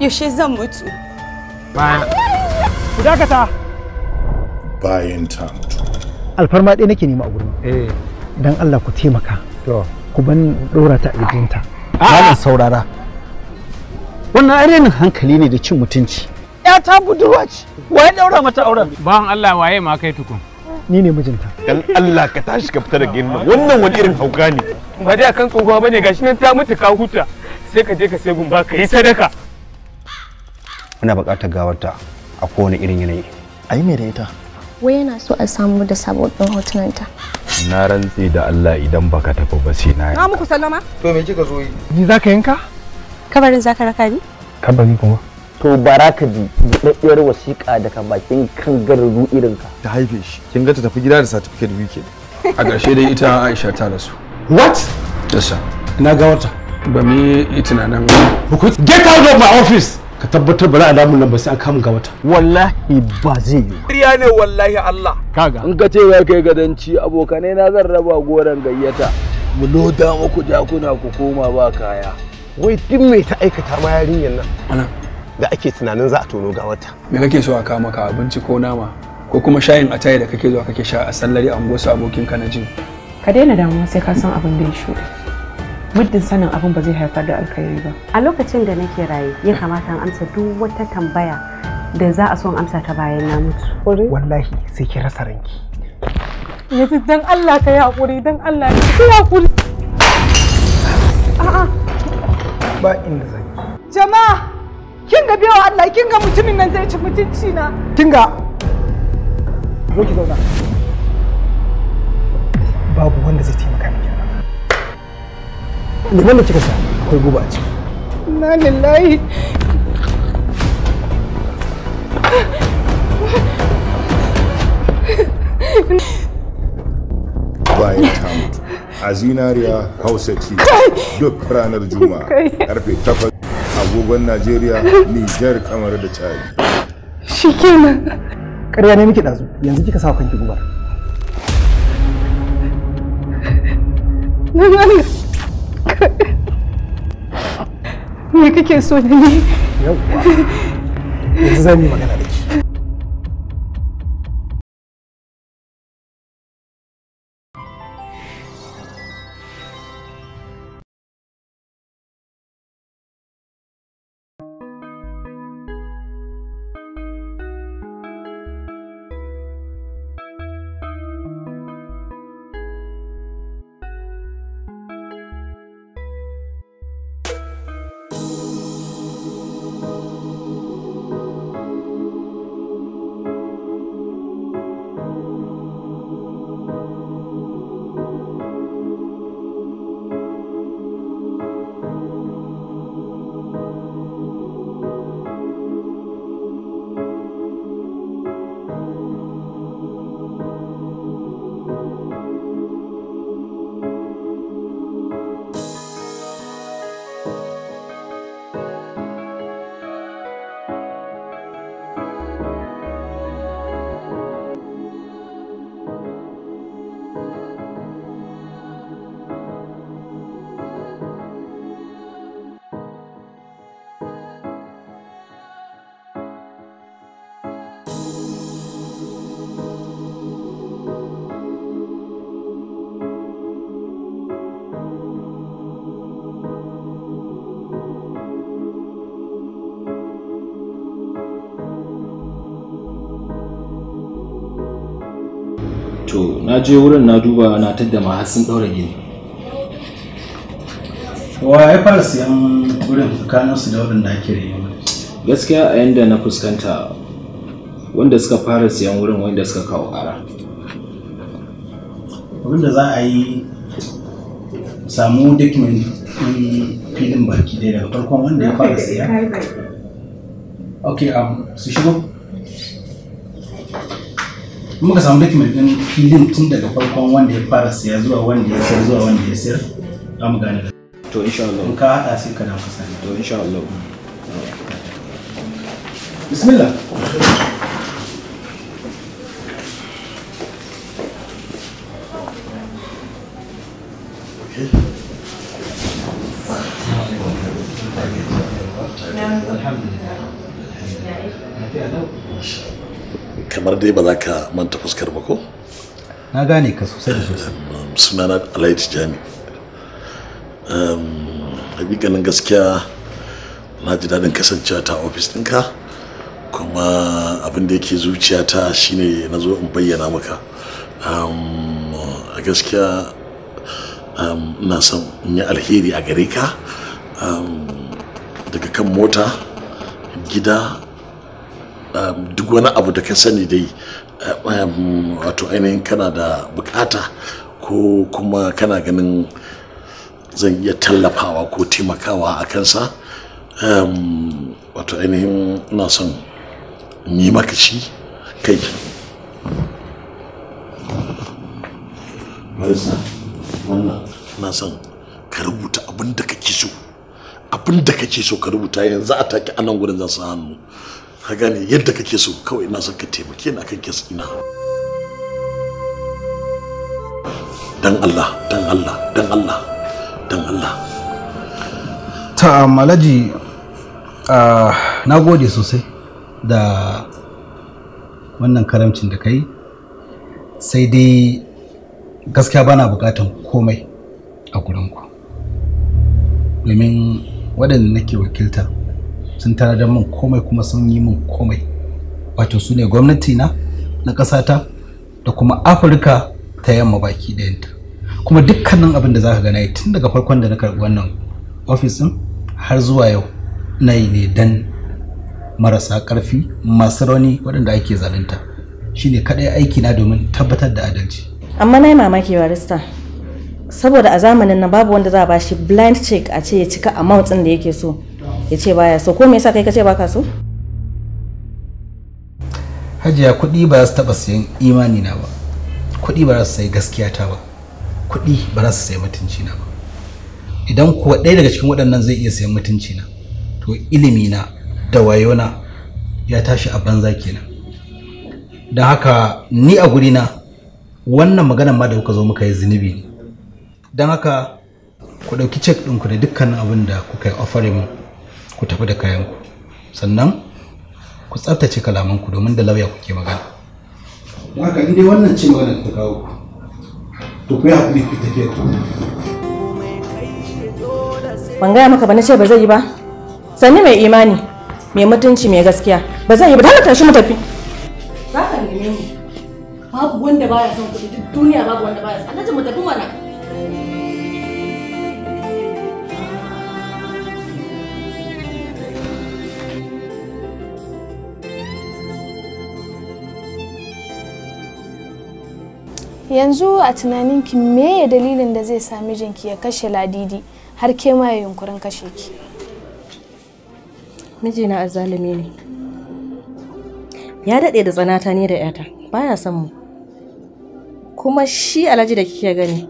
Yaushe zan mutu? Bayan. Ku dakata. Bayan ta mutu. Alfarma ɗaya nake nema a gurin. Eh. Dan Allah ku taimaka. To. Ku ban ɗora ta a gidanta. saurara. Wannan ainihin hankali ne da cin mutunci. ta budurwa ce. Waye ɗaura mata auren? Bawan Allah waye ma kai tukun. Ni ne mijinta. Dan Allah ka tashi ka fita daga yin wannan wani irin hauka ne. Ba dai akan tsohuwa bane gashi nan ta mutu ka huta. sai ka je ka sai gumba ka yi sadaka muna buƙatar gawarta a kowane irin yanayi a yi da ita wai yana so a samu da sabobin hotunanta na rantse da Allah idan baka tafi ba sai na na muku sallama to me kika zo yi ni zaka yanka kabarin zaka raka ni Kabarin kuma to baraka bi daddiyar wasiƙa daga bakin garuru irin ka ta haife shi kin ga ta tafi gida da certificate weekend a ƙarshe dai ita Aisha ta rasu what yes sir ina gawarta ba mu yi tunanin because get out of my office ka tabbatar ba za a damu nan ba sai an kama ga wata wallahi ba zai yi ƙarya ne wallahi Allah kaga in ka ce za ka yi gadanci abokanai na zan raba goran gayyata mu loda muku jakuna ku koma ba kaya wai duk mai ta aikata ma yarinyar nan da ake tunanin za a tono ga wata me kake so a kama ka abinci ko nama ko kuma shayin a da kake zuwa kake sha a sallari a abokin ka na jin ka daina damuwa sai ka san abin da ya shuɗe muddin sanin abin ba zai haifar da alkhairi ba a lokacin da nake raye ya kamata in amsa duk wata tambaya da za a so in amsa ta bayan na mutu wallahi sai ki rasa ranki yanzu dan Allah ka yi hakuri dan Allah ka yi hakuri a'a ba inda zai jama'a kin ga biyo Allah kin ga mutumin nan zai ci mutunci na kin ga zo ki zauna babu wanda zai taimaka miki liman da kika sa akwai guba a ciki na lillahi bayan ta mutu a zinariya hausa ce duk ranar juma'a karfe 8 agogon najeriya nijar kamar da cari shi kenan ƙarya ne miki ɗazu yanzu kika sa kanki gubar me kake so da ni yau yanzu zan yi magana na je wurin na duba na tadda ma sun daura gini wa ya fara siyan wurin tsakanin su da wurin da ake rayu gaskiya a yanda na fuskanta wanda suka fara siyan wurin wanda suka kawo Wurin da za a yi samu document filin baki daya daga farkon wanda ya fara siya ok um, su shigo muka samu document din filin tun daga farkon wanda ya fara siya zuwa wanda ya sayar zuwa wanda ya sayar za mu gane to insha Allah ka hada sai ka dawo sani to insha Allah bismillah الحمد لله. kamar dai ba za ka manta fuskar ba ko na gane ka sosai da sosai um, sunana jami. tijani ganin um, gaskiya na ji daɗin kasancewa ta ofis ɗinka kuma abin da yake zuciya ta shine na zo in bayyana maka um, a gaskiya na son in yi alheri a gare ka daga kan mota gida Um, duk wani abu da ka sani dai um, wato ainihin kana da bukata ko kuma kana ganin zan iya tallafawa ko taimakawa a kansa um, wato ainihin ina son yi maka shi kai na son ka rubuta abin da kake so abin da kake so ka rubuta yanzu a take anan gudun zan sa hannu ka gane yadda kake so kawai ina son ka taimake ni akan kes ina dan Allah dan Allah dan Allah dan Allah ta malaji na gode sosai da wannan karamcin da kai sai dai gaskiya bana bukatan komai a gurinku domin waɗanda nake wakilta sun da min komai kuma sun yi min komai wato su ne gwamnati na na ƙasata da kuma afirka ta yamma baki ɗayanta kuma dukkanin abin da za ka gana tun daga farkon da na karɓi wannan ofis ɗin har zuwa yau na yi ne dan marasa ƙarfi masu rauni waɗanda ake zalunta shine kaɗai aiki na domin tabbatar da adalci amma na yi mamaki barista saboda a zamanin nan babu wanda za a bashi blind check a ce ya cika amount ɗin da yake so ya ce baya so ko me yasa kai kace baka so hajiya kuɗi ba za su taɓa sayan imani na ba kuɗi ba za su sayi gaskiya ta ba kuɗi ba za su sayi mutunci na ba idan kuwa ɗaya daga cikin waɗannan zai iya sayan mutunci na to ilimi na da wayona ya tashi a banza kenan don haka ni a guri na wannan maganar ma da kuka zo muka yi zunubi ne don haka ku ɗauki cek ɗinku da dukkan abin da kuka yi offering ku tafi da kayanku sannan ku tsaftace kalamanku domin da lauya kuke magana haka ni dai wannan ce magana ta kawo to ku yi hakuri ku tafi ku ban gaya maka ba na ce ba zai yi ba sanni mai imani mai mutunci mai gaskiya ba zai yi ba dole tashi mu tafi za ka neme ni babu wanda baya son kuɗi duk duniya babu wanda baya son alhaji mu tafi wannan yanzu a tunaninki me ya dalilin da zai sa mijinki ya kashe ladidi har ke ma ya yunkurin kashe ki mijina azalimi ne ya daɗe da tsanata ne da yata baya son mu kuma shi alhaji da kike gani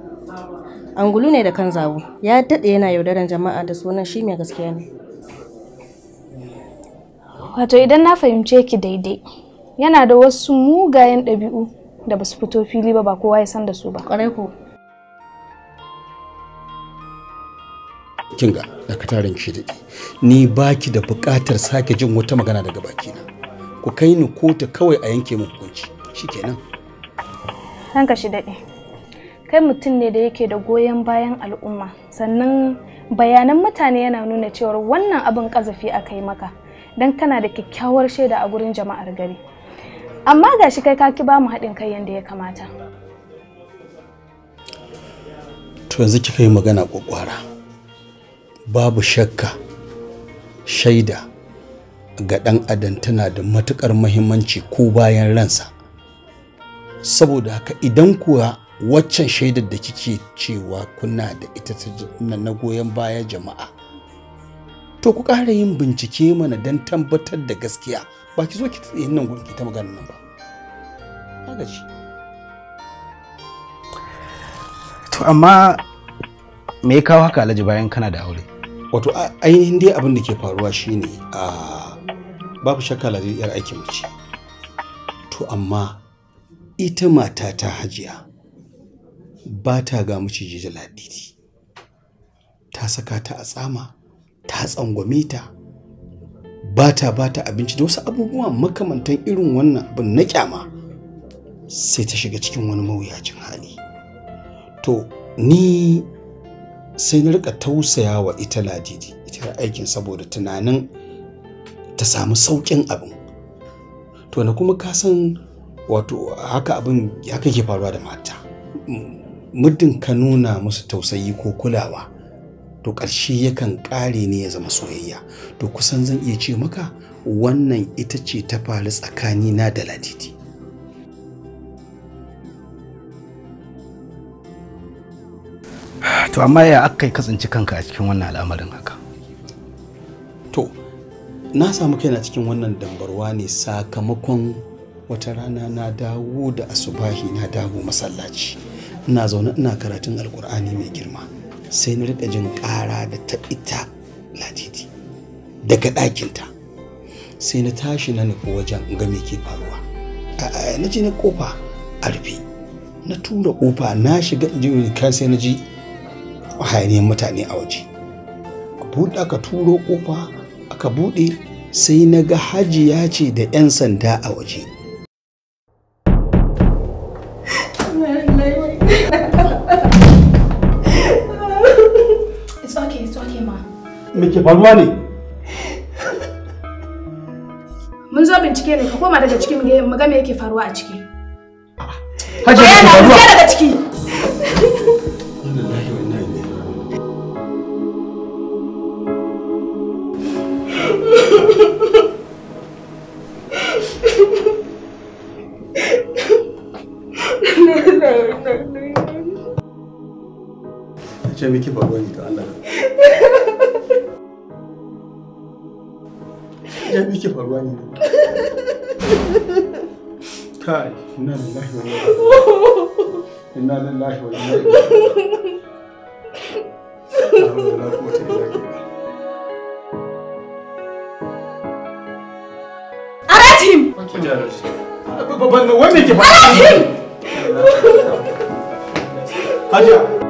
angulu ne da kan zawo ya daɗe yana yaudaran jama'a da sunan shi mai gaskiya ne wato idan na fahimce ki daidai yana da wasu mugayen ɗabi'u da basu fito fili ba ba kowa ya san da su ba kare ko kinga da tarin ki daɗi ni baki da buƙatar sake jin wata magana daga bakina ku kai ni ta kawai a yanke mu hukunci shikenan Hanka shi dade kai mutum ne da yake da goyon bayan al'umma sannan bayanan mutane yana nuna cewa wannan abin ƙazafi aka yi maka don kana da kyakkyawar shaida a gurin jama'ar gari Amma ga shi kai kaki ba mu haɗin kai yadda ya kamata. To yanzu kika yi magana kwakwara. Babu shakka shaida ga ɗan adam tana da matuƙar muhimmanci ko bayan ransa. Saboda haka idan kuwa waccan shaidar da kike cewa kuna da ita na goyon baya jama'a to ku ƙara yin bincike mana don tabbatar da gaskiya ba ki zo ki tsaye eh, nan gudu ki ta magana nan ba ya gaji to amma me ya kawo haka alhaji bayan kana da aure wato ainihin dai abin da ke faruwa shine a babu shakka alhaji yar aikin mace to amma ita mata ta hajiya ba ta ga maciji da ladidi ta saka ta a tsama ta tsangwame ta Bata-bata, abinci da wasu abubuwa makamantan irin wannan abin na kyama sai ta shiga cikin wani mawuyacin hali to ni sai na rika tausaya wa ita ladidi ita aikin saboda tunanin ta samu sauƙin abin to na kuma kasan wato haka abin haka ke faruwa da mata muddin ka nuna musu tausayi ko kulawa to ƙarshe yakan ƙare ne ya zama soyayya to kusan zan iya ce maka wannan ita ce ta faru tsakani na da ladidi to amma ya aka kasance kanka a cikin wannan al'amarin haka to na samu kaina cikin wannan dambarwa ne sakamakon wata rana na dawo da asubahi na dawo masallaci ina zaune ina karatun alkur'ani mai girma sai na riƙa jin ƙara da ta ita titi daga ɗakinta sai na tashi na nufi wajen ga me ke faruwa na ji na kofa a rufe na tura kofa na shiga in ji sai na ji hayaniyar mutane a waje bude aka turo ƙofa aka buɗe sai na ga hajiya ce da 'yan sanda a waje faruwa ne mun zo bincike ne ka koma daga cikin mu ga me yake faruwa a ciki haje ka faruwa daga ciki ne miki faruwa ne inna lillahi wa inna lillahi wa inna ilaihi Aratihim! Wannan wanda ke faɗa? Aratihim! Hajiya!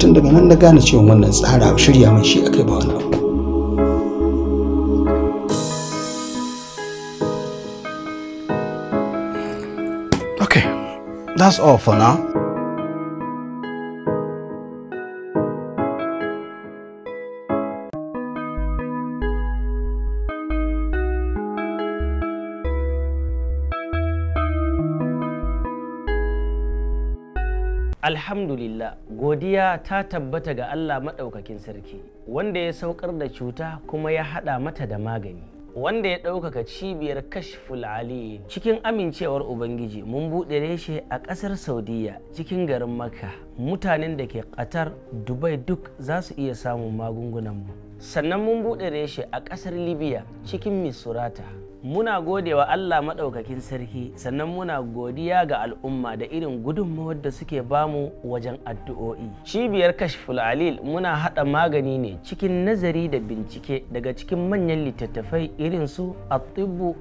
tun daga nan na gane cewa wannan tsara shirya mai shi akai ba wani abu okay that's all for now alhamdulillah godiya ta tabbata ga Allah maɗaukakin sarki wanda ya saukar da cuta kuma ya haɗa mata da magani wanda ya ɗaukaka cibiyar kashful ali cikin amincewar ubangiji mun buɗe reshe a ƙasar saudiya cikin garin makka mutanen da ke ƙatar dubai duk za su iya samun magungunan mu sannan mun buɗe reshe a ƙasar libya cikin misurata muna godewa Allah maɗaukakin sarki sannan muna godiya ga al'umma da irin gudunmawar da suke bamu wajen addu'o'i. Cibiyar Kashful Alil muna haɗa magani ne cikin nazari da bincike daga cikin manyan littattafai irin su at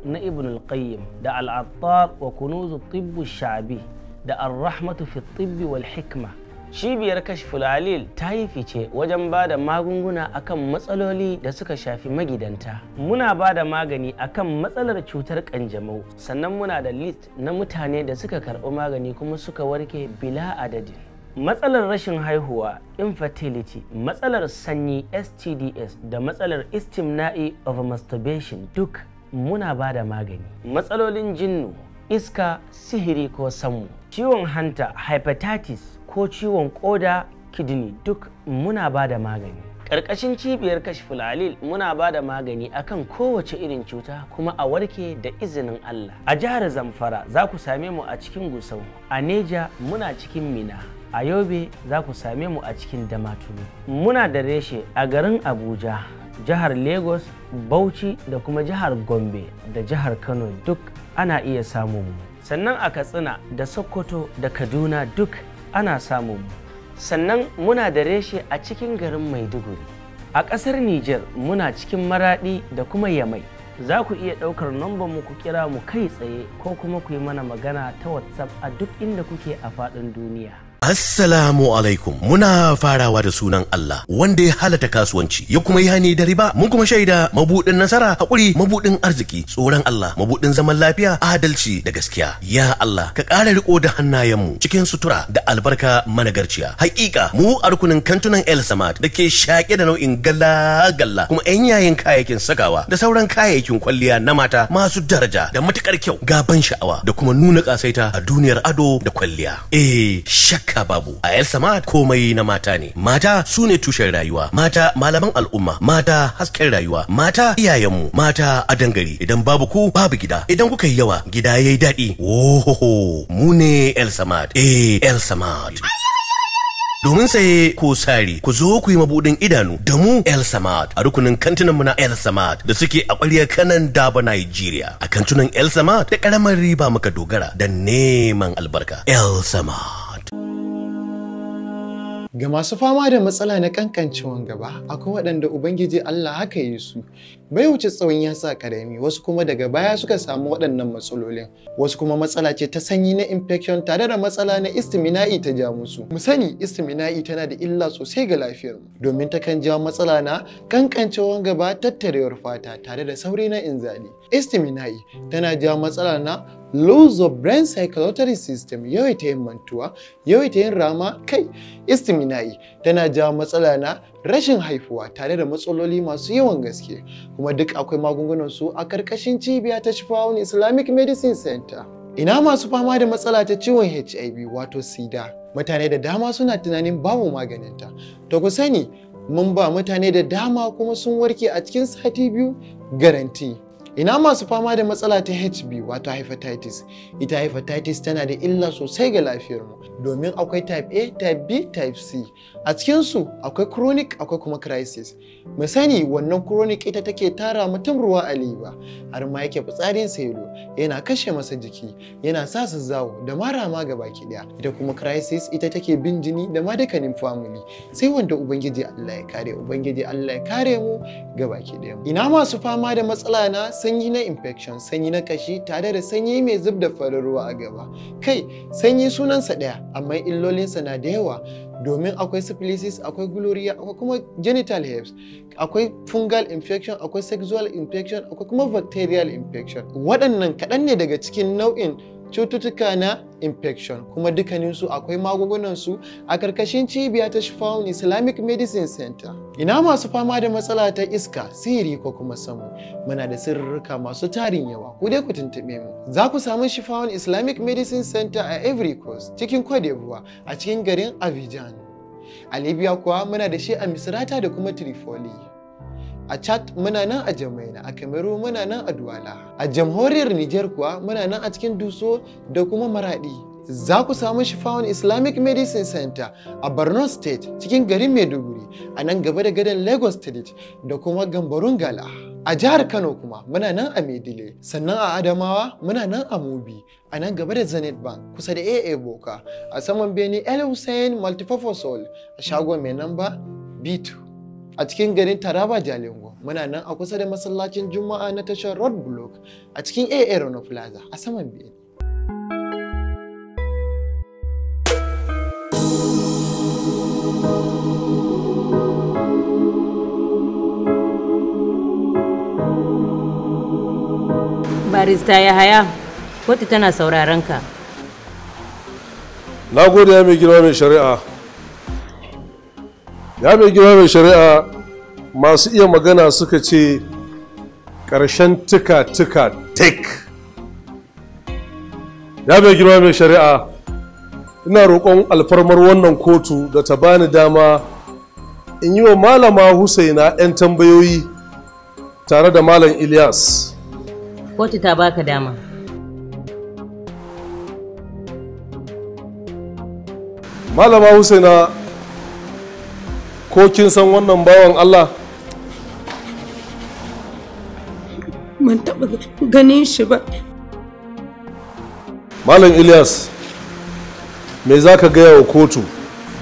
na Ibn al-Qayyim da Al-Attar wa Kunuzu Tibbu Shabi da Ar-Rahmatu fi Tibbi wal Hikma. Cibiyar kashi fulalil ta yi fice wajen ba da magunguna akan matsaloli da suka shafi magidanta. Muna ba da magani akan matsalar cutar kanjamau, sannan muna da list na mutane da suka karɓi magani kuma suka warke bila adadin. matsalar rashin haihuwa infertility matsalar sanyi stds da matsalar istimna'i of masturbation duk muna ba da magani matsalolin jinnu iska sihiri ko sammu ciwon hanta hepatitis ko ciwon koda kidney duk muna ba da magani ƙarƙashin cibiyar kashful muna ba da magani akan kowace irin cuta kuma a warke da izinin Allah a jihar Zamfara za ku same mu a cikin Gusau a Neja muna cikin Mina a Yobe za ku same mu a cikin Damaturu muna da reshe a garin Abuja jihar Lagos Bauchi da kuma jihar Gombe da jihar Kano duk ana iya samun mu sannan a Katsina da Sokoto da Kaduna duk ana samun mu sannan muna da reshe a cikin garin maiduguri a ƙasar Nijar muna cikin maraɗi da kuma yamai za ku iya ɗaukar nomba mu ku kira mu kai tsaye ko kuma ku yi mana magana ta whatsapp a duk inda kuke a faɗin duniya Assalamu alaikum muna farawa da sunan Allah wanda ya halata kasuwanci ya kuma yi hani da riba mun kuma shaida mabudin nasara hakuri mabudin arziki tsoron Allah mabudin zaman lafiya adalci da gaskiya ya Allah ka ƙara riko da hannayenmu cikin sutura da albarka managarciya hakika mu a rukunin kantunan El Samad da ke shaƙe da nau'in galla galla kuma yan yayin kayayyakin sakawa da sauran kayayyakin kwalliya na mata masu daraja da matukar kyau gaban sha'awa da kuma nuna ƙasaita a duniyar ado da kwalliya eh shak shakka babu a yar sama komai na mata ne mata su ne tushen rayuwa mata malaman al'umma mata hasken rayuwa mata iyayenmu mata a dangare idan babu ku babu gida idan kuka yi yawa gida yayi daɗi ohoho mu ne el samad eh el samad domin saye ko sari ku zo ku yi mabudin idanu da mu El Samad a rukunin kantinanmu na El Samad da suke a ƙwaryar kanan daba Nigeria a kantunan El Samad da ƙaramar riba muka dogara da neman albarka El Samad Ga masu fama da matsala na kankancewan gaba, akwai waɗanda Ubangiji Allah haka yi su, bai wuce tsawon ya sa karami wasu kuma daga baya suka samu waɗannan matsalolin wasu kuma matsala ce ta sanyi na infection tare da matsala na istimina'i ta ja musu mu sani istimina'i tana da illa sosai ga lafiyar mu domin ta kan jawo matsala na kankancewan gaba tattarewar fata tare da sauri na inzali istimina'i tana jawo matsala na loss of brain circulatory system yawaita yin mantuwa yawaita yin rama kai istimina'i tana jawo matsala na rashin haifuwa tare da matsaloli masu yawan gaske kuma duk akwai magungunan su a karkashin cibiya ta Shifawun Islamic Medicine Center. Ina masu fama da matsala ta ciwon HIV wato sida. Mutane da dama suna tunanin babu maganinta. To ku sani mun ba mutane da dama kuma sun warke a cikin sati biyu garanti. ina masu fama da matsala ta hb wato hepatitis ita hepatitis tana da illa sosai ga lafiyarmu domin akwai type a type b type c a cikinsu akwai chronic akwai kuma crisis mu sani wannan chronic ita take tara mutum ruwa a liba har ma yake fitsarin selo yana kashe masa jiki yana sa su zawo da mara ma gaba ki daya ita kuma crisis ita take bin jini da ma dukkanin family sai wanda ubangiji Allah ya kare ubangiji Allah ya kare mu gaba ki daya ina masu fama da matsala na sanyi na infection sanyi na kashi tare da sanyi mai zub da farin ruwa a gaba kai sanyi sunansa ɗaya amma illolinsa na da yawa domin akwai syphilis akwai gloria akwai kuma genital herpes akwai fungal infection akwai sexual infection akwai kuma bacterial infection waɗannan kaɗan ne daga cikin nau'in cututtuka na infection kuma su akwai magungunan su a karkashin cibiya ta Shifaun Islamic Medicine Center. Ina masu fama da matsala ta iska, sihiri ko kuma samu. Muna da sirrika masu tarin yawa, ku dai ku tuntuɓe mu. Za ku samu Shifaun Islamic Medicine Center a Every Coast cikin kwadebuwa a cikin garin Abidjan. A Libya kuwa muna da shi a Misrata da kuma Tripoli. a chad muna nan a jamaina a cameroon muna nan a duwala a jamhuriyar niger kuwa muna nan a cikin duso da kuma maradi za ku samu shifawun islamic medicine center a borno state cikin garin maiduguri a nan gaba da gadon lagos state da kuma gambarun gala a jihar kano kuma muna nan a maidile sannan a adamawa muna nan a mubi a nan gaba da zenith bank kusa da aa boka a saman beni el hussein a shagon mai namba b2 a cikin garin Taraba Jalingo muna nan a kusa da masallacin Juma'a na tashar Road Block a cikin AA Rono Plaza a saman biyu. Barista ya Yahaya, kotu tana sauraron ka. Na gode mai girma mai shari'a. ya mai girma mai shari'a masu iya magana suka ce ƙarshen tuka-tuka tek ya mai girma mai shari'a ina roƙon alfarmar wannan kotu da ta bani dama in yi wa malama husaina 'yan tambayoyi tare da malam ilyas kotu ta baka dama malama husaina ko kin san wannan bawan Allah man taɓa ganin shi ba malam ilyas me za ka gaya wa kotu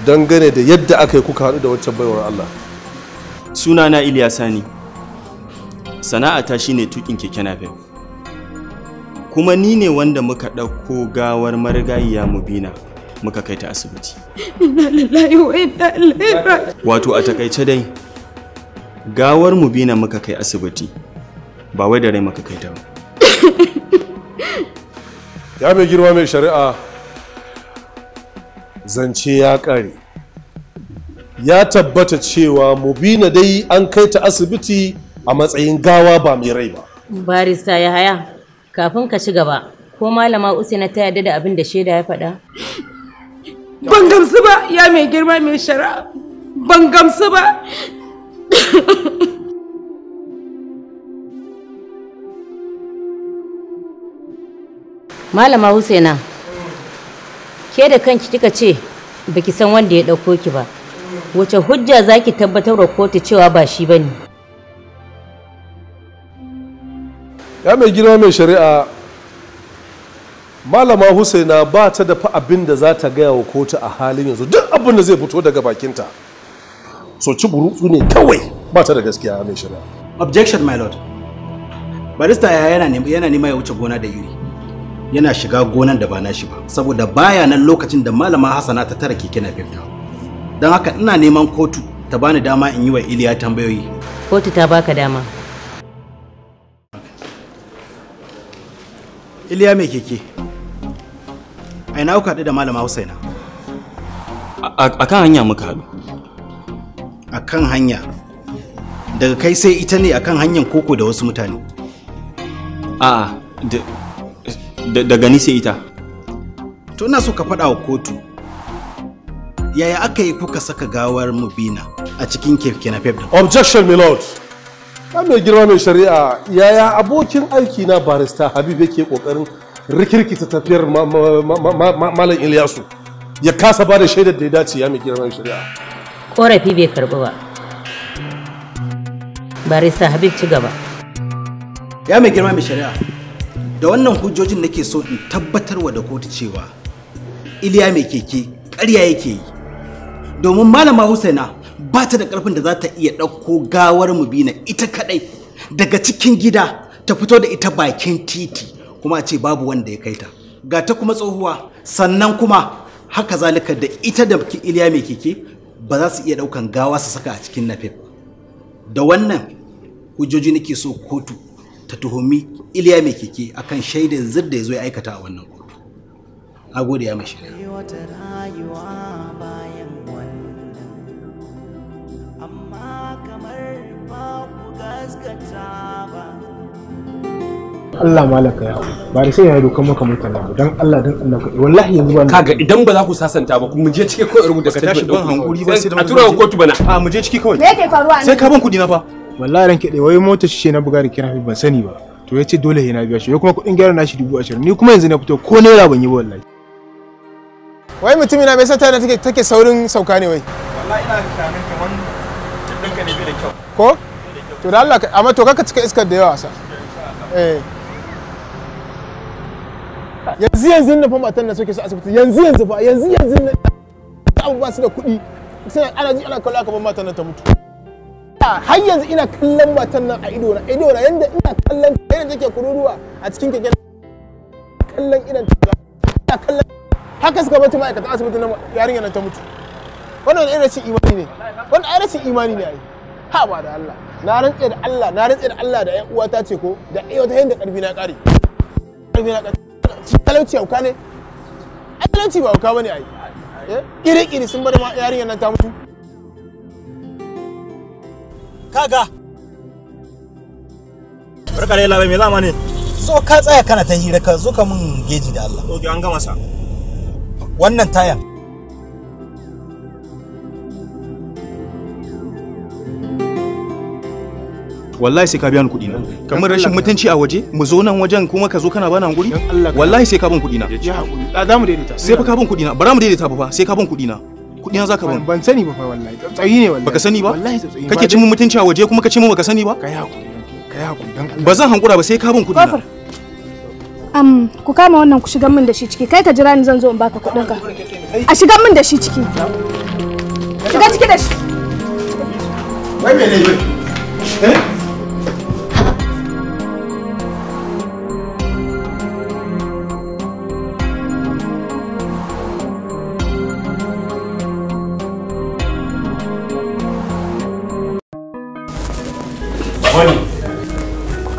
dangane da yadda aka yi kuka haɗu da waccan baiwar allah sunana ilyasa ne sana'ata shine tukin keke nafe kuma ni ne wanda muka ɗauko gawar marigayiya mubina muka kai ta asibiti wato a takaice dai gawar mu bina muka kai asibiti ba wai da rai muka kai ta ba ya mai girma mai shari'a zance ya kare ya tabbata cewa mubina dai an kai ta asibiti a matsayin gawa ba mai rai ba barista ya haya kafin ka ci gaba ko malama usaina ta yarda da abin da shaida ya faɗa ban gamsu ba ya mai girma mai shara ban gamsu ba malama husaina ke da kanki kika ce baki san wanda ya ɗauko ki ba wace hujja za ki tabbatar da kotu cewa ba shi ba ne ya mai girma mai shari'a malama husaina ba ta da abin da za ta gaya wa kotu a halin yanzu duk abin da zai fito daga bakinta so ci burutsu ne kawai ba ta da gaskiya mai shirya objection my lord barista ya yana yana nema ya wuce gona da iri yana shiga gonan da ba nashi ba saboda baya nan lokacin da malama hasana ta tara keke na fifta don haka ina neman kotu ta bani dama in yi wa iliya tambayoyi kotu ta baka dama iliya mai keke A na kuka haɗu da malama Husaina? A kan hanya muka haɗu. A kan hanya? Daga kai sai ita ne a kan hanyar koko da wasu mutane? A'a, daga ni sai ita. To ina so ka faɗa wa kotu. Yaya aka yi kuka saka gawar Mubina a cikin keke na Objection, my lord. mai girma mai shari'a yaya abokin aiki na barista habib yake kokarin rikirkita tafiyar malam Ilyasu ya kasa ba da shaidar da ya dace ya mai girman shari'a. Korafi bai karɓi ba. Barista Habib ci gaba. Ya mai girma mai shari'a, da wannan hujjojin nake so in tabbatarwa da kotu cewa Iliya mai keke ƙarya yake yi. Domin malama Husaina ba ta da ƙarfin da za ta iya ɗauko gawar mu bina ita kaɗai daga cikin gida ta fito da ita bakin titi kuma a ce babu wanda ya kai ta ga ta kuma tsohuwa sannan kuma haka zalika da ita da iliya mai keke ba za su iya daukan gawa su saka a cikin nafef da wannan hujjoji nake so kotu ta tuhumi iliya mai keke akan shaidar zir ya zo ya aikata a wannan kotu a ya mashi amma kamar ba ku ba Allah malaka ya ba da sai ya dokan maka mutane ba dan Allah don Allah ka wallahi yanzu ba kaga idan ba za ku sasanta ba mu je ciki kawai rubuta statement ban hankuri ba sai a tura kotu bana a mu je ciki kawai me yake faruwa sai ka ban kudi na fa wallahi ranke dai wai mota shi na buga da kirafi ban sani ba to yace dole he na biya shi kuma kudin gyara nashi dubu ashirin ni kuma yanzu na fito ko naira ban yi ba wallahi wai mutumina me yasa tana take take saurin sauka ne wai wallahi ina tunanin kaman ɗinka ne bai da kyau ko to da Allah amma to kaka cika iskar da yawa sa eh yanzu yanzu na fa matan na soke su asibiti yanzu yanzu fa yanzu yanzu na abu ba su da kuɗi suna ana ji ana kallo aka bar matan nan ta mutu har yanzu ina kallon matan nan a ido na ido na yanda ina kallon ta yanda take kururuwa a cikin keke kallon idan ta ina kallon haka suka bata ma'aikatan asibitin nan yarinya nan ta mutu wannan irin rashin imani ne wannan ai rashin imani ne ai ha ba da Allah na da Allah na da Allah da ƴan ce ko da eh, wata yanda karfi na karfi na talauci auka ne ai talauci ba auka bane ai eh? iri-iri sun bar yarinyar nan ta mutu kaga barka da labai mai zama ne so ka tsaya kana ta hira ka zo ka mun geji da Allah ok an gama sa wannan tayan wallahi sai ka biya ni kuɗi na kamar rashin mutunci a waje mu zo nan wajen kuma ka zo kana bana hankuri wallahi sai ka bin kuɗi na ya za mu daidaita sai fa ka bin kuɗi na bara mu daidaita fa sai ka bin kuɗi na kuɗi na zaka ban ban sani ba fa wallahi tsayi ne wallahi baka sani ba wallahi tsayi kake cin mutunci a waje kuma ka ce mu baka sani ba kai hakuri kai hakuri dan Allah ba zan hankura ba sai ka bin kuɗi na Um, ku kama wannan ku shigan min da shi ciki kai ka jira ni zan zo in baka kuɗin ka a shigan min da shi ciki shiga ciki da shi wai menene eh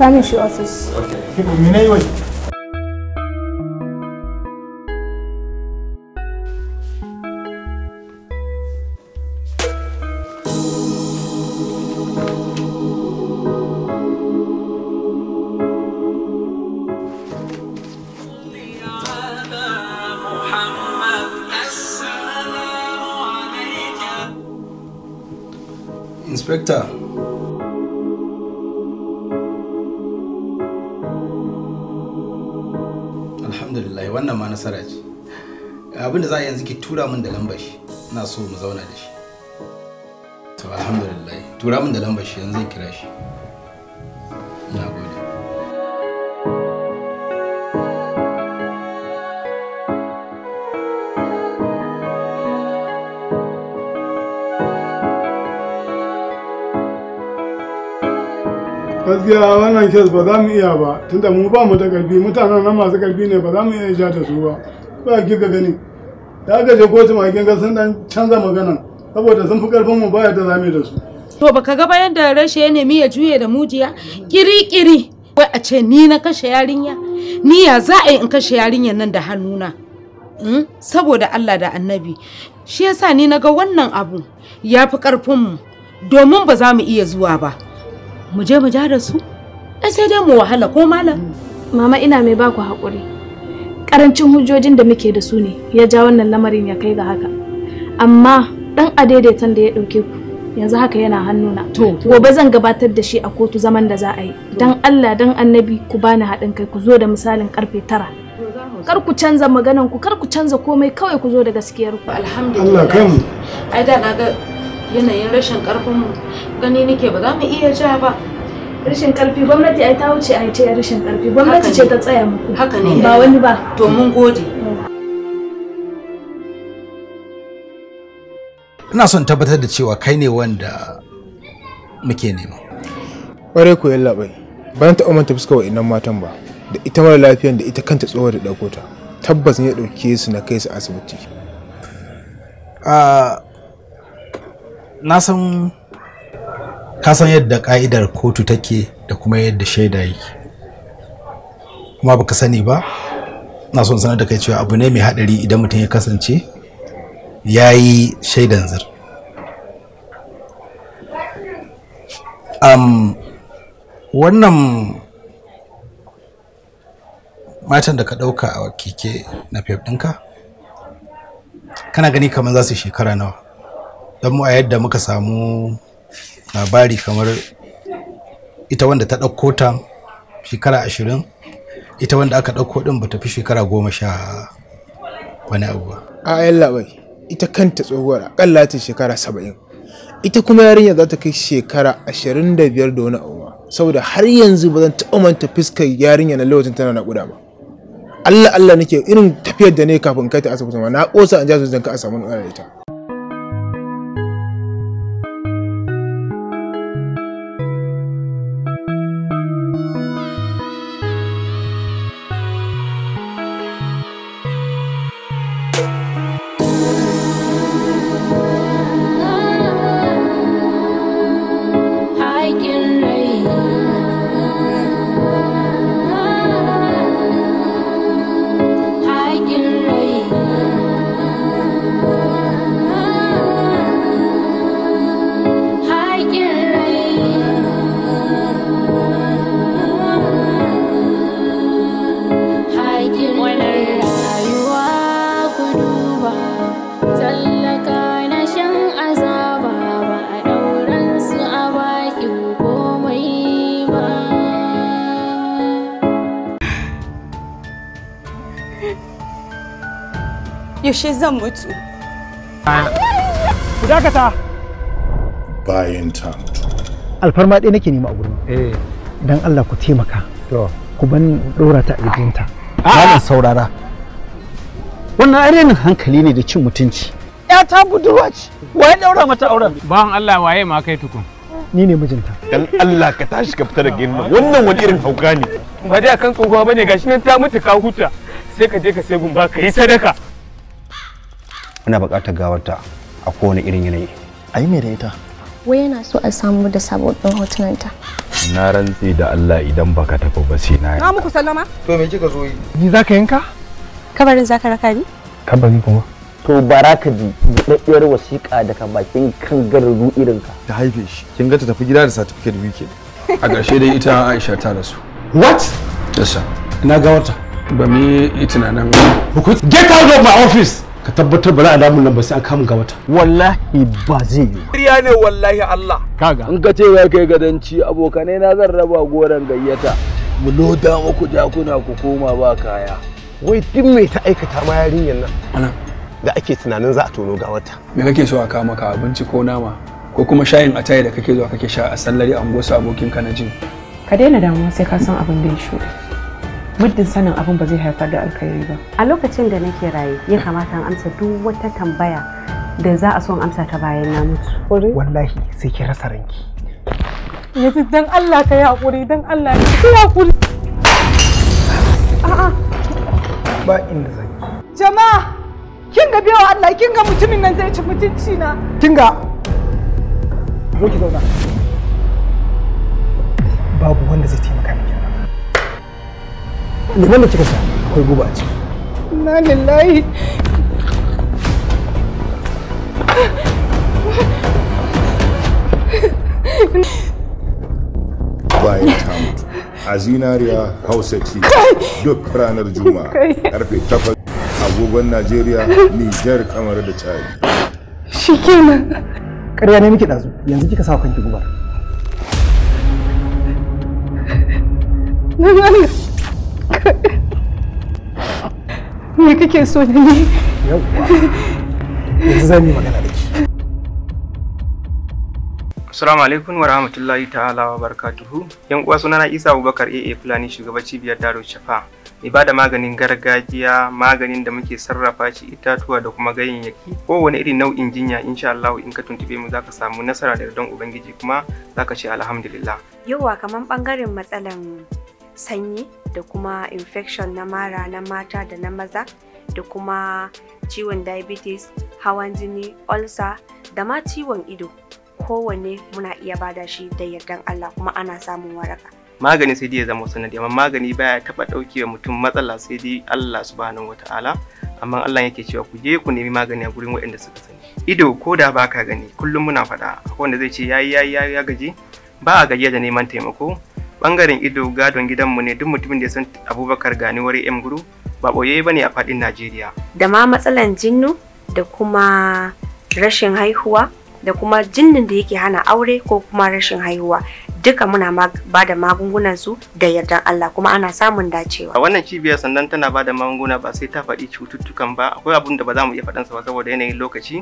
Spanish office. Okay. tura min da lambar shi ina so mu zauna da shi to alhamdulillah tura min da lambar shi yanzu zan kira shi ina gode gaskiya wannan kes ba za mu iya ba tunda mu ba mu da karfi mutanen nan masu karfi ne ba za mu iya ja da su ba ba ki ga gani ta gaje kotu makin ga sun dan canza magana saboda sun fi karfin mu baya da zame da su to baka ga bayan da rashe ya nemi ya juye da mujiya kiri-kiri wai a ce ni na kashe yarinya ni ya za a yi in kashe yarinya nan da hannuna hmm? saboda Allah da annabi shi yasa ni na ga wannan abu ya fi karfin mu domin ba za mu iya zuwa ba mu je mu ja da su sai dai mu wahala ko malam mama ina mai baku haƙuri karancin hujjojin da muke da su ne ya ja wannan lamarin ya kai ga haka amma dan adaidaitan da ya dauke ku yanzu haka yana hannuna to gobe zan gabatar da shi a kotu zaman da za a yi dan Allah dan annabi ku bani haɗin kai ku zo da misalin karfe tara kar ku canza maganan ku kar ku canza komai kawai ku zo da gaskiyar ku alhamdulillah Allah ai da naga yanayin rashin karfin mu gani nake ba za mu iya ja ba rashin karfi gwamnati ai ta wuce ai ce rashin karfi gwamnati ce ta tsaya muku haka ne ba wani ba to mun gode ina son tabbatar da cewa kai ne wanda muke nema ƙwarai ku yalla bai bayan ta manta fuska wa'innan matan ba da ita mara lafiyan da ita kanta tsohuwar da dauko ta tabbas ne ya ɗauke su na kai su asibiti ah, na san ka san yadda ka'idar kotu take da kuma yadda shaida yake kuma baka sani ba na son sanar da kai cewa abu ne mai haɗari idan mutum ya kasance ya yi shaidan zir um, wannan matan da ka ɗauka a keke na fef ɗinka kana gani kamar za su shekara nawa don mu a yadda muka samu labari kamar ita wanda ta ɗauko ta shekara ashirin ita wanda aka ɗauko ɗin ba fi shekara goma sha wani abu ba. a yan labai ita kanta tsohuwar akalla ta shekara saba'in ita kuma yarinya za ta kai shekara ashirin da biyar da wani abu saboda har yanzu ba zan taɓa manta fuskar yarinya na lokacin tana naƙuda ba Allah Allah nake irin tafiyar da ne kafin kai ta asibiti ma na ƙosa an ja su zanka a samu ita. yaushe zan mutu ku dakata bayan ta mutu alfarma dai nake nema a gurin eh dan Allah ku taimaka to ku ban dora ta ajinta. gidanta ah! saurara wannan arenin hankali ne da cin mutunci ya ta budurwa ce waye daura mata auren bawan Allah waye ma kai tukun ni ne mijinta dan Allah ka tashi ka fita da gina wannan wani irin hauka ne ba dai akan tsohuwa bane gashi nan ta mutu ka huta sai ka je ka sai gumba ka yi sadaka muna buƙatar gawarta a kowane irin yanayi ai me da ita wai yana so a samu da sababbin hotunanta na rantse da Allah idan baka tafi ba sai na na muku sallama to me kika zo yi ni zaka yanka kabarin zaka raka ni kabari kuma to baraka ji daddiyar wasiƙa daga bakin kan garuru irin ka ta haife shi kin ga ta tafi gida da certificate weekend a ƙarshe dai ita Aisha ta rasu what yes sir na ga ba mu yi tunanin get out of my office ka tabbatar ba za a damu nan ba sai an kamun ga wata wallahi ba zai yi ƙarya ne wallahi Allah kaga in ka ce ya kai gadanci abokanai na zan raba goran gayyata mu loda muku jakuna ku koma ba kaya wai duk mai ta aikata ma yarinyan nan ana da ake tunanin za a tono ga wata me kake so a kawo maka abinci ko nama ko kuma shayin ataye da kake zuwa kake sha a sallari an su abokin ka na jin ka daina damuwa sai ka san abin da ya shuɗe muddin sanin abin ba zai haifar da alkhairi ba a lokacin da nake raye ya kamata in amsa duk wata tambaya da za a so in amsa ta bayan na mutu wallahi sai ki rasa ranki yanzu dan Allah ka yi hakuri dan Allah ka yi hakuri a'a ba inda zai jama'a kin ga biyo Allah kin ga mutumin nan zai ci mutunci na kin ga zo ki zauna babu wanda zai taimaka miki Liman da kika sa akwai guba a ciki. Na lillahi. Bayan ta mutu. A zinariya Hausa ce duk ranar Juma'a karfe takwas agogon Najeriya, Nijar, kamar da Chari. Shi kenan. Ƙarya ne miki ɗazu, yanzu kika sa kanki gubar. 那个。me kake so da ni yanzu zan Assalamu alaikum wa rahmatullahi ta'ala wa barakatuhu. Yan uwa sunana Isa Abubakar AA Fulani shugaba cibiyar Daro Shafa. Ni bada maganin gargajiya, maganin da muke sarrafa shi itatuwa da kuma ganyayyaki. Kowane irin nau'in jinya insha Allah in ka tuntube mu zaka samu nasara da don ubangiji kuma zaka ce alhamdulillah. Yawa kaman bangaren matsalan sanyi da kuma infection na mara na mata da na maza da kuma ciwon diabetes hawan jini ulcer da ma ciwon ido kowanne muna iya bada shi da yardan Allah kuma ana samun waraka magani sai dai ya zama sanadi amma magani baya taba dauke wa mutum matsala sai dai Allah subhanahu wataala amma Allah yake cewa ku je ku nemi magani a gurin waɗanda suka sani ido ko da baka gani kullum muna faɗa akwai wanda zai ce yayi yayi ya gaji ba a gajiya da neman taimako bangaren ido gadon gidanmu ne duk mutumin da ya san abubakar ganiwar yan guru ba ɓoye ba ne a faɗin najeriya da ma matsalan jinnu da kuma rashin haihuwa da kuma jinnin da yake hana aure ko kuma rashin haihuwa duka muna ba da magungunan su da yardan Allah kuma ana samun dacewa. A wannan cibiyar sannan tana ba da magunguna ba sai ta faɗi cututtukan ba akwai abun da ba za mu iya faɗansa ba saboda yanayin lokaci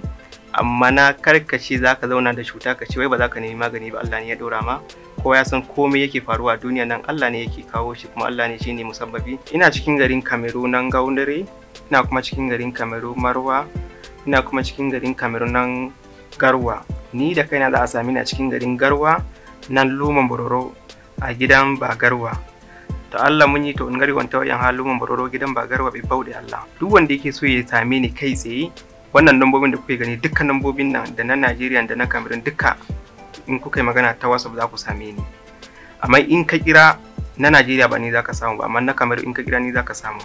amma na karkace za ka zauna da cuta ka ce wai ba za ka nemi magani ba Allah ne ya ɗora ma kowa ya san komai yake faruwa a duniya nan Allah ne yake kawo shi kuma Allah ne shine musabbabi ina cikin garin Cameroon nan Gaundare ina kuma cikin garin Cameroon Marwa ina kuma cikin garin Cameroon nan Garwa ni da kaina za a sami a cikin garin Garwa nan Luman Bororo a gidan Garwa ta Allah mun yi to in gari wanta wayan haluman Bororo gidan ba Garwa bai da Allah duk wanda yake so ya same ni kai tsaye wannan lambobin da kuke gani dukkan lambobin nan da na Najeriya da na Cameroon duka in kuka yi magana ta wasu za ku same ni. Amma in ka kira na Najeriya ba ni za ka samu ba, amma na kamar in ka kira ni za ka samu.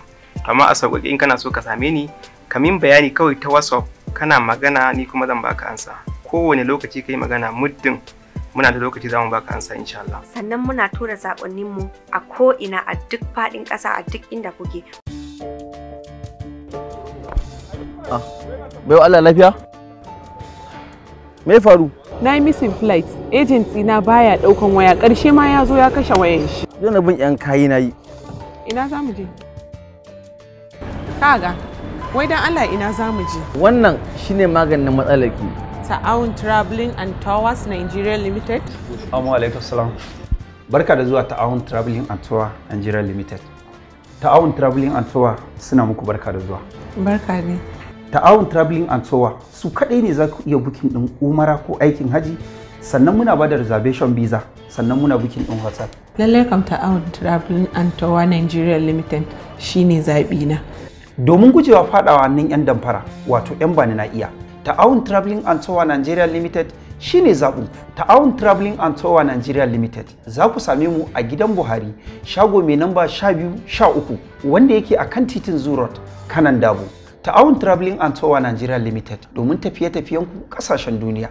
Amma a sauƙaƙe in kana so ka same ni, ka bayani kawai ta wasu kana magana ni kuma zan baka ansa. Kowane lokaci ka yi magana muddin muna da lokaci za mu baka ansa insha Allah. Sannan muna tura mu a ko'ina a duk faɗin ƙasa a duk inda kuke. Ah, bai Allah lafiya? Me faru? na yi missing flight agency na baya daukan waya karshe ma ya zo ya kashe wayan shi yana bin yan kayi na yi ina za mu je kaga wai dan Allah ina za mu je wannan shine maganin matsalar ki ta'awun traveling and tours nigeria limited assalamu alaikum salam barka da zuwa ta'awun traveling and towers nigeria limited ta'awun traveling and towers suna muku barka da zuwa barka ne ta'awun traveling and tour su kadai ne za ku iya bukin din umara ko aikin haji sannan muna ba da reservation visa sannan muna bukin din hotel lallai kam ta'awun traveling and tour nigeria limited shine zabi na domin gujewa fadawa nan yan damfara wato yan bani na iya ta'awun traveling and tour nigeria limited shine zaɓin ta'awun traveling and tour nigeria limited za ku same mu a gidan buhari shago mai namba sha uku, wanda yake a kan titin zurot kanan dabo ta'awun traveling and tour nigeria limited domin tafiye-tafiyen ku kasashen duniya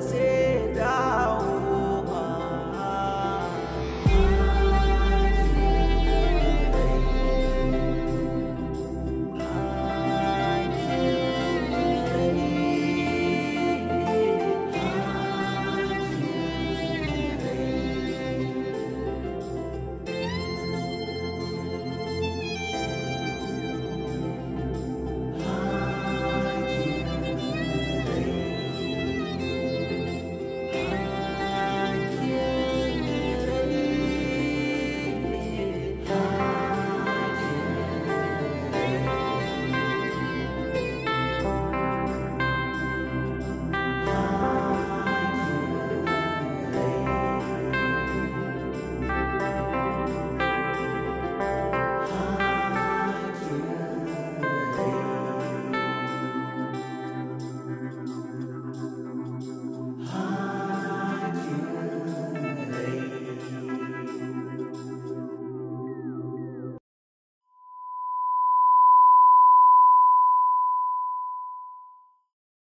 fazer.